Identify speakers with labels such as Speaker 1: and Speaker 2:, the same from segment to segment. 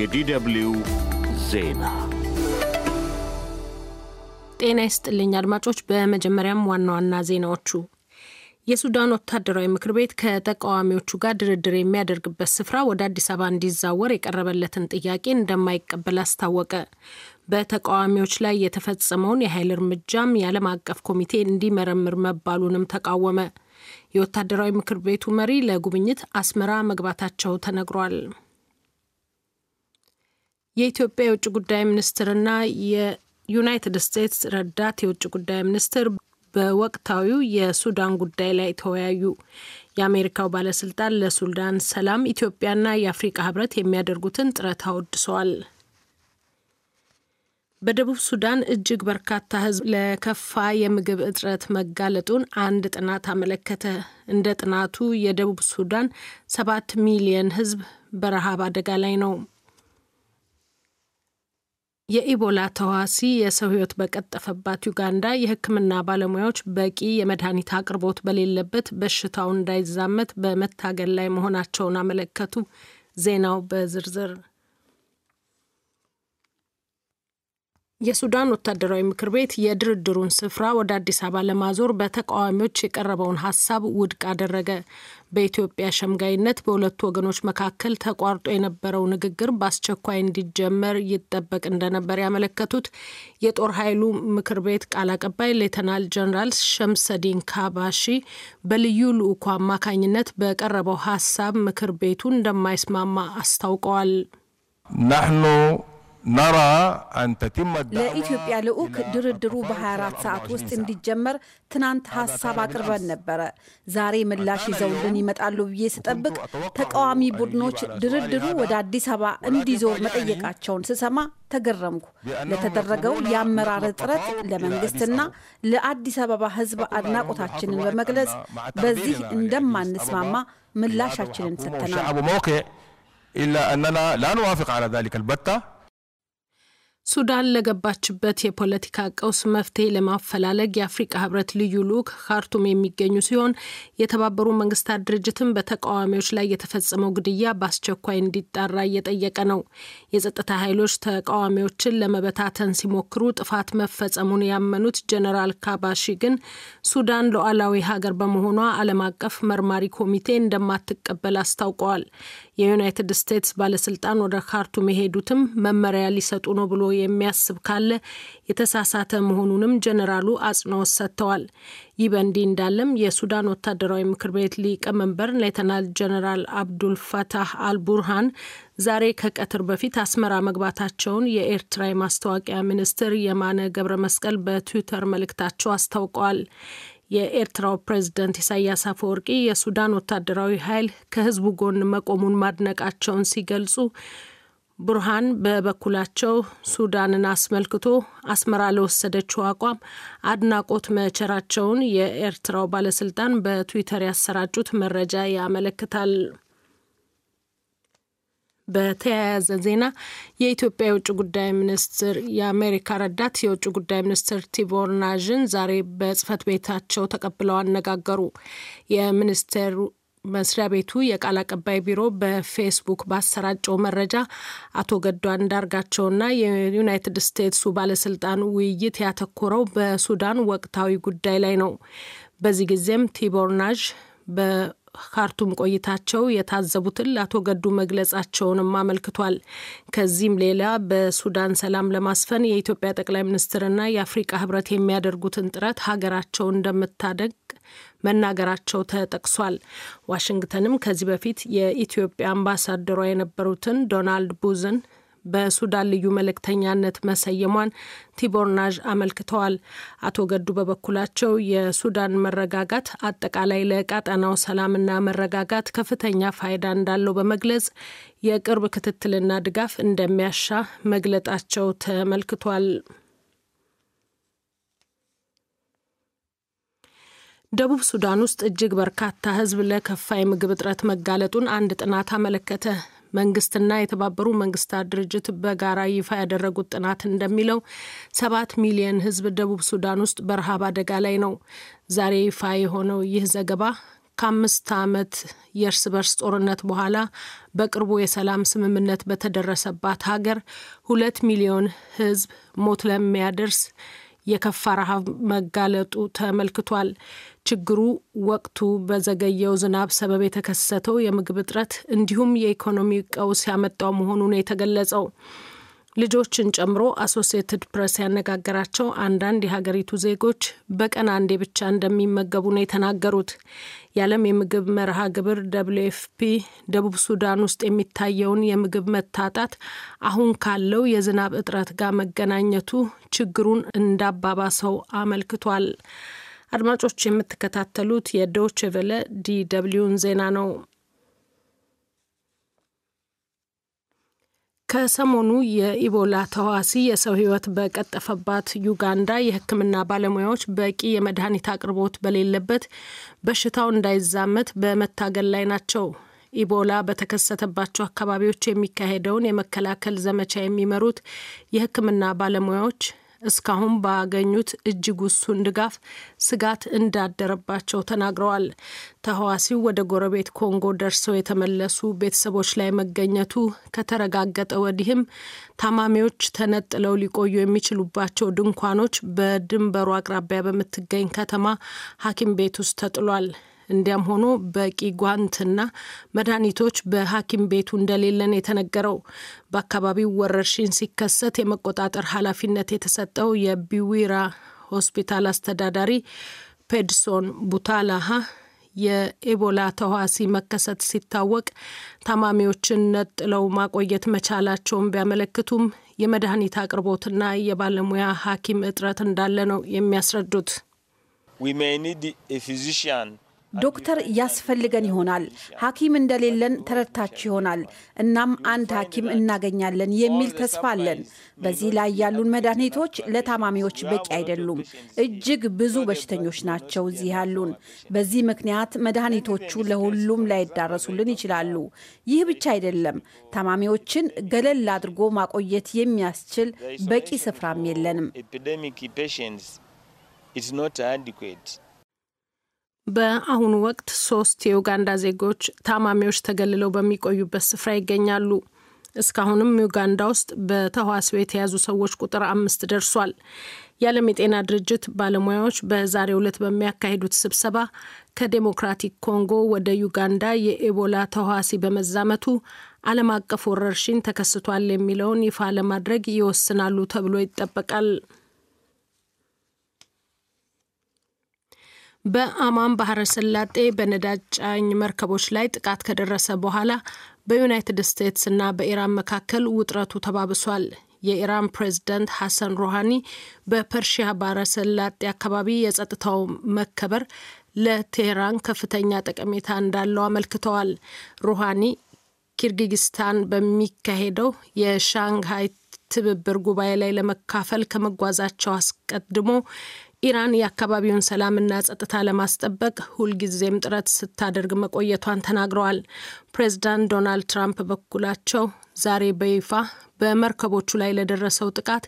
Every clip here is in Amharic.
Speaker 1: የዲደብሊው ዜና ጤና ይስጥልኝ አድማጮች። በመጀመሪያም ዋና ዋና ዜናዎቹ የሱዳን ወታደራዊ ምክር ቤት ከተቃዋሚዎቹ ጋር ድርድር የሚያደርግበት ስፍራ ወደ አዲስ አበባ እንዲዛወር የቀረበለትን ጥያቄ እንደማይቀበል አስታወቀ። በተቃዋሚዎች ላይ የተፈጸመውን የኃይል እርምጃም የዓለም አቀፍ ኮሚቴ እንዲመረምር መባሉንም ተቃወመ። የወታደራዊ ምክር ቤቱ መሪ ለጉብኝት አስመራ መግባታቸው ተነግሯል። የኢትዮጵያ የውጭ ጉዳይ ሚኒስትርና የዩናይትድ ስቴትስ ረዳት የውጭ ጉዳይ ሚኒስትር በወቅታዊው የሱዳን ጉዳይ ላይ ተወያዩ። የአሜሪካው ባለስልጣን ለሱዳን ሰላም ኢትዮጵያና የአፍሪቃ ህብረት የሚያደርጉትን ጥረት አወድሰዋል። በደቡብ ሱዳን እጅግ በርካታ ህዝብ ለከፋ የምግብ እጥረት መጋለጡን አንድ ጥናት አመለከተ። እንደ ጥናቱ የደቡብ ሱዳን ሰባት ሚሊየን ህዝብ በረሃብ አደጋ ላይ ነው። የኢቦላ ተዋሲ የሰው ህይወት በቀጠፈባት ዩጋንዳ የሕክምና ባለሙያዎች በቂ የመድኃኒት አቅርቦት በሌለበት በሽታው እንዳይዛመት በመታገል ላይ መሆናቸውን አመለከቱ። ዜናው በዝርዝር የሱዳን ወታደራዊ ምክር ቤት የድርድሩን ስፍራ ወደ አዲስ አበባ ለማዞር በተቃዋሚዎች የቀረበውን ሀሳብ ውድቅ አደረገ። በኢትዮጵያ ሸምጋይነት በሁለቱ ወገኖች መካከል ተቋርጦ የነበረው ንግግር በአስቸኳይ እንዲጀመር ይጠበቅ እንደነበር ያመለከቱት የጦር ኃይሉ ምክር ቤት ቃል አቀባይ ሌተናል ጀነራል ሸምሰዲን ካባሺ በልዩ ልዑኩ አማካኝነት በቀረበው ሀሳብ ምክር ቤቱ እንደማይስማማ አስታውቀዋል። ናሕኑ ለኢትዮጵያ ልዑክ ድርድሩ በ24 ሰዓት ውስጥ እንዲጀመር ትናንት ሀሳብ አቅርበን ነበረ። ዛሬ ምላሽ ይዘውልን ይመጣሉ ብዬ ስጠብቅ ተቃዋሚ ቡድኖች ድርድሩ ወደ አዲስ አበባ እንዲዞር መጠየቃቸውን ስሰማ ተገረምኩ። ለተደረገው የአመራር እጥረት ለመንግስትና ለአዲስ አበባ ሕዝብ አድናቆታችንን በመግለጽ በዚህ እንደማንስማማ ምላሻችንን ሰጥተናል። ሱዳን ለገባችበት የፖለቲካ ቀውስ መፍትሄ ለማፈላለግ የአፍሪቃ ህብረት ልዩ ልዑክ ካርቱም የሚገኙ ሲሆን የተባበሩ መንግስታት ድርጅትም በተቃዋሚዎች ላይ የተፈጸመው ግድያ በአስቸኳይ እንዲጣራ እየጠየቀ ነው። የጸጥታ ኃይሎች ተቃዋሚዎችን ለመበታተን ሲሞክሩ ጥፋት መፈጸሙን ያመኑት ጀነራል ካባሺ ግን ሱዳን ሉዓላዊ ሀገር በመሆኗ ዓለም አቀፍ መርማሪ ኮሚቴ እንደማትቀበል አስታውቀዋል። የዩናይትድ ስቴትስ ባለስልጣን ወደ ካርቱም የሄዱትም መመሪያ ሊሰጡ ነው ብሎ የሚያስብ ካለ የተሳሳተ መሆኑንም ጀኔራሉ አጽንኦት ሰጥተዋል። ይህ በእንዲህ እንዳለም የሱዳን ወታደራዊ ምክር ቤት ሊቀመንበር ሌተናል ጀኔራል አብዱልፈታህ አልቡርሃን ዛሬ ከቀትር በፊት አስመራ መግባታቸውን የኤርትራ የማስታወቂያ ሚኒስትር የማነ ገብረ መስቀል በትዊተር መልእክታቸው አስታውቀዋል። የኤርትራው ፕሬዝደንት ኢሳያስ አፈወርቂ የሱዳን ወታደራዊ ኃይል ከህዝቡ ጎን መቆሙን ማድነቃቸውን ሲገልጹ ቡርሃን በበኩላቸው ሱዳንን አስመልክቶ አስመራ ለወሰደችው አቋም አድናቆት መቸራቸውን የኤርትራው ባለስልጣን በትዊተር ያሰራጩት መረጃ ያመለክታል። በተያያዘ ዜና የኢትዮጵያ የውጭ ጉዳይ ሚኒስትር የአሜሪካ ረዳት የውጭ ጉዳይ ሚኒስትር ቲቦር ናዥን ዛሬ በጽህፈት ቤታቸው ተቀብለው አነጋገሩ። የሚኒስቴሩ መስሪያ ቤቱ የቃል አቀባይ ቢሮ በፌስቡክ ባሰራጨው መረጃ አቶ ገዱ አንዳርጋቸውና የዩናይትድ ስቴትሱ ባለስልጣን ውይይት ያተኮረው በሱዳን ወቅታዊ ጉዳይ ላይ ነው። በዚህ ጊዜም ቲቦርናዥ በካርቱም ቆይታቸው የታዘቡትን ለአቶ ገዱ መግለጻቸውንም አመልክቷል። ከዚህም ሌላ በሱዳን ሰላም ለማስፈን የኢትዮጵያ ጠቅላይ ሚኒስትርና የአፍሪቃ ህብረት የሚያደርጉትን ጥረት ሀገራቸው እንደምታደግ መናገራቸው ተጠቅሷል። ዋሽንግተንም ከዚህ በፊት የኢትዮጵያ አምባሳደሯ የነበሩትን ዶናልድ ቡዝን በሱዳን ልዩ መልእክተኛነት መሰየሟን ቲቦርናዥ አመልክተዋል። አቶ ገዱ በበኩላቸው የሱዳን መረጋጋት አጠቃላይ ለቀጠናው ሰላምና መረጋጋት ከፍተኛ ፋይዳ እንዳለው በመግለጽ የቅርብ ክትትልና ድጋፍ እንደሚያሻ መግለጣቸው ተመልክቷል። ደቡብ ሱዳን ውስጥ እጅግ በርካታ ህዝብ ለከፋ የምግብ እጥረት መጋለጡን አንድ ጥናት አመለከተ። መንግስትና የተባበሩ መንግስታት ድርጅት በጋራ ይፋ ያደረጉት ጥናት እንደሚለው ሰባት ሚሊየን ህዝብ ደቡብ ሱዳን ውስጥ በረሃብ አደጋ ላይ ነው። ዛሬ ይፋ የሆነው ይህ ዘገባ ከአምስት ዓመት የእርስ በርስ ጦርነት በኋላ በቅርቡ የሰላም ስምምነት በተደረሰባት ሀገር ሁለት ሚሊዮን ህዝብ ሞት ለሚያደርስ የከፋ ረሃብ መጋለጡ ተመልክቷል። ችግሩ ወቅቱ በዘገየው ዝናብ ሰበብ የተከሰተው የምግብ እጥረት እንዲሁም የኢኮኖሚ ቀውስ ያመጣው መሆኑን የተገለጸው ልጆችን ጨምሮ አሶሲየትድ ፕሬስ ያነጋገራቸው አንዳንድ የሀገሪቱ ዜጎች በቀን አንዴ ብቻ እንደሚመገቡ ነው የተናገሩት። የዓለም የምግብ መርሃ ግብር ደብሊው ኤፍ ፒ ደቡብ ሱዳን ውስጥ የሚታየውን የምግብ መታጣት አሁን ካለው የዝናብ እጥረት ጋር መገናኘቱ ችግሩን እንዳባባሰው አመልክቷል። አድማጮች የምትከታተሉት የዶችቨለ ዲ ደብሊውን ዜና ነው። ከሰሞኑ የኢቦላ ተዋሲ የሰው ህይወት በቀጠፈባት ዩጋንዳ የሕክምና ባለሙያዎች በቂ የመድኃኒት አቅርቦት በሌለበት በሽታው እንዳይዛመት በመታገል ላይ ናቸው። ኢቦላ በተከሰተባቸው አካባቢዎች የሚካሄደውን የመከላከል ዘመቻ የሚመሩት የሕክምና ባለሙያዎች እስካሁን ባገኙት እጅግ ውሱን ድጋፍ ስጋት እንዳደረባቸው ተናግረዋል። ተህዋሲው ወደ ጎረቤት ኮንጎ ደርሰው የተመለሱ ቤተሰቦች ላይ መገኘቱ ከተረጋገጠ ወዲህም ታማሚዎች ተነጥለው ሊቆዩ የሚችሉባቸው ድንኳኖች በድንበሩ አቅራቢያ በምትገኝ ከተማ ሐኪም ቤት ውስጥ ተጥሏል። እንዲያም ሆኖ በቂ ጓንትና መድኃኒቶች በሐኪም ቤቱ እንደሌለን የተነገረው በአካባቢው ወረርሽኝ ሲከሰት የመቆጣጠር ኃላፊነት የተሰጠው የቢዊራ ሆስፒታል አስተዳዳሪ ፔድሶን ቡታላሃ የኤቦላ ተዋሲ መከሰት ሲታወቅ ታማሚዎችን ነጥለው ማቆየት መቻላቸውን ቢያመለክቱም የመድኃኒት አቅርቦትና የባለሙያ ሐኪም እጥረት እንዳለ ነው የሚያስረዱት። ዶክተር ያስፈልገን ይሆናል፣ ሐኪም እንደሌለን ተረድታችሁ ይሆናል። እናም አንድ ሐኪም እናገኛለን የሚል ተስፋ አለን። በዚህ ላይ ያሉን መድኃኒቶች ለታማሚዎች በቂ አይደሉም። እጅግ ብዙ በሽተኞች ናቸው እዚህ ያሉን። በዚህ ምክንያት መድኃኒቶቹ ለሁሉም ላይዳረሱልን ይችላሉ። ይህ ብቻ አይደለም፣ ታማሚዎችን ገለል አድርጎ ማቆየት የሚያስችል በቂ ስፍራም የለንም። በአሁኑ ወቅት ሶስት የኡጋንዳ ዜጎች ታማሚዎች ተገልለው በሚቆዩበት ስፍራ ይገኛሉ። እስካሁንም ዩጋንዳ ውስጥ በተዋስው የተያዙ ሰዎች ቁጥር አምስት ደርሷል። የዓለም የጤና ድርጅት ባለሙያዎች በዛሬ ዕለት በሚያካሂዱት ስብሰባ ከዴሞክራቲክ ኮንጎ ወደ ዩጋንዳ የኤቦላ ተዋሲ በመዛመቱ ዓለም አቀፍ ወረርሽኝ ተከስቷል የሚለውን ይፋ ለማድረግ ይወስናሉ ተብሎ ይጠበቃል። በአማን ባህረ ሰላጤ በነዳጅ ጫኝ መርከቦች ላይ ጥቃት ከደረሰ በኋላ በዩናይትድ ስቴትስ እና በኢራን መካከል ውጥረቱ ተባብሷል። የኢራን ፕሬዝዳንት ሐሰን ሮሃኒ በፐርሺያ ባህረ ሰላጤ አካባቢ የጸጥታው መከበር ለቴህራን ከፍተኛ ጠቀሜታ እንዳለው አመልክተዋል። ሩሃኒ ኪርጊዝስታን በሚካሄደው የሻንግሃይ ትብብር ጉባኤ ላይ ለመካፈል ከመጓዛቸው አስቀድሞ ኢራን የአካባቢውን ሰላምና ጸጥታ ለማስጠበቅ ሁልጊዜም ጥረት ስታደርግ መቆየቷን ተናግረዋል። ፕሬዝዳንት ዶናልድ ትራምፕ በኩላቸው ዛሬ በይፋ በመርከቦቹ ላይ ለደረሰው ጥቃት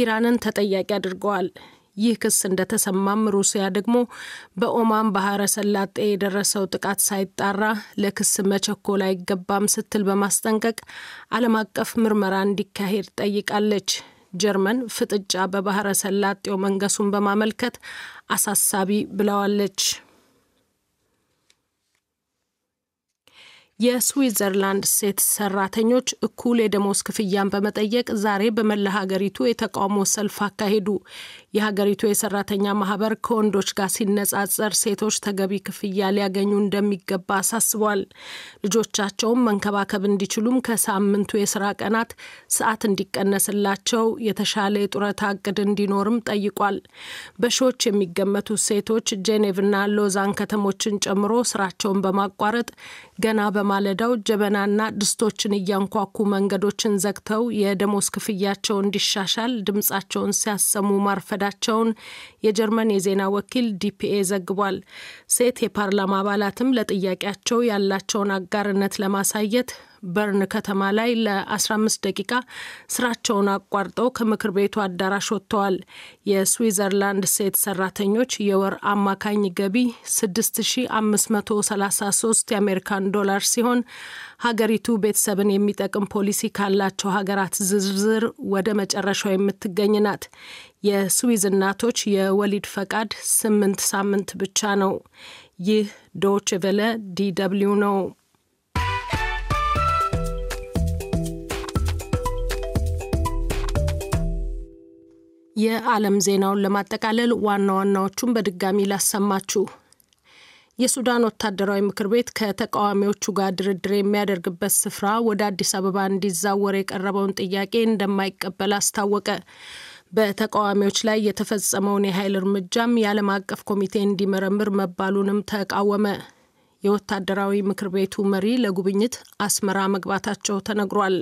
Speaker 1: ኢራንን ተጠያቂ አድርገዋል። ይህ ክስ እንደተሰማም ሩሲያ ደግሞ በኦማን ባህረ ሰላጤ የደረሰው ጥቃት ሳይጣራ ለክስ መቸኮል አይገባም ስትል በማስጠንቀቅ ዓለም አቀፍ ምርመራ እንዲካሄድ ጠይቃለች። ጀርመን ፍጥጫ በባህረ ሰላጤው መንገሱን በማመልከት አሳሳቢ ብለዋለች። የስዊዘርላንድ ሴት ሰራተኞች እኩል የደሞዝ ክፍያን በመጠየቅ ዛሬ በመላ ሀገሪቱ የተቃውሞ ሰልፍ አካሄዱ። የሀገሪቱ የሰራተኛ ማህበር ከወንዶች ጋር ሲነጻጸር ሴቶች ተገቢ ክፍያ ሊያገኙ እንደሚገባ አሳስቧል። ልጆቻቸውን መንከባከብ እንዲችሉም ከሳምንቱ የስራ ቀናት ሰዓት እንዲቀነስላቸው፣ የተሻለ የጡረታ እቅድ እንዲኖርም ጠይቋል። በሺዎች የሚገመቱ ሴቶች ጄኔቭና ሎዛን ከተሞችን ጨምሮ ስራቸውን በማቋረጥ ገና በማለዳው ጀበናና ድስቶችን እያንኳኩ መንገዶችን ዘግተው የደሞዝ ክፍያቸው እንዲሻሻል ድምጻቸውን ሲያሰሙ ማርፈዳል። Dachon የጀርመን የዜና ወኪል ዲፒኤ ዘግቧል። ሴት የፓርላማ አባላትም ለጥያቄያቸው ያላቸውን አጋርነት ለማሳየት በርን ከተማ ላይ ለ15 ደቂቃ ስራቸውን አቋርጠው ከምክር ቤቱ አዳራሽ ወጥተዋል። የስዊዘርላንድ ሴት ሰራተኞች የወር አማካኝ ገቢ 6533 የአሜሪካን ዶላር ሲሆን ሀገሪቱ ቤተሰብን የሚጠቅም ፖሊሲ ካላቸው ሀገራት ዝርዝር ወደ መጨረሻው የምትገኝ ናት። የስዊዝ እናቶች የ የወሊድ ፈቃድ ስምንት ሳምንት ብቻ ነው። ይህ ዶች ቬለ ዲደብሊው ነው። የዓለም ዜናውን ለማጠቃለል ዋና ዋናዎቹን በድጋሚ ላሰማችሁ። የሱዳን ወታደራዊ ምክር ቤት ከተቃዋሚዎቹ ጋር ድርድር የሚያደርግበት ስፍራ ወደ አዲስ አበባ እንዲዛወር የቀረበውን ጥያቄ እንደማይቀበል አስታወቀ። በተቃዋሚዎች ላይ የተፈጸመውን የኃይል እርምጃም የዓለም አቀፍ ኮሚቴ እንዲመረምር መባሉንም ተቃወመ። የወታደራዊ ምክር ቤቱ መሪ ለጉብኝት አስመራ መግባታቸው ተነግሯል።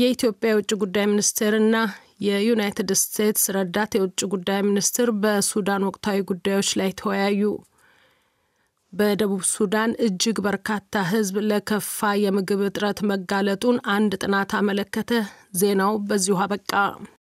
Speaker 1: የኢትዮጵያ የውጭ ጉዳይ ሚኒስቴርና የዩናይትድ ስቴትስ ረዳት የውጭ ጉዳይ ሚኒስትር በሱዳን ወቅታዊ ጉዳዮች ላይ ተወያዩ። በደቡብ ሱዳን እጅግ በርካታ ሕዝብ ለከፋ የምግብ እጥረት መጋለጡን አንድ ጥናት አመለከተ። ዜናው በዚሁ አበቃ።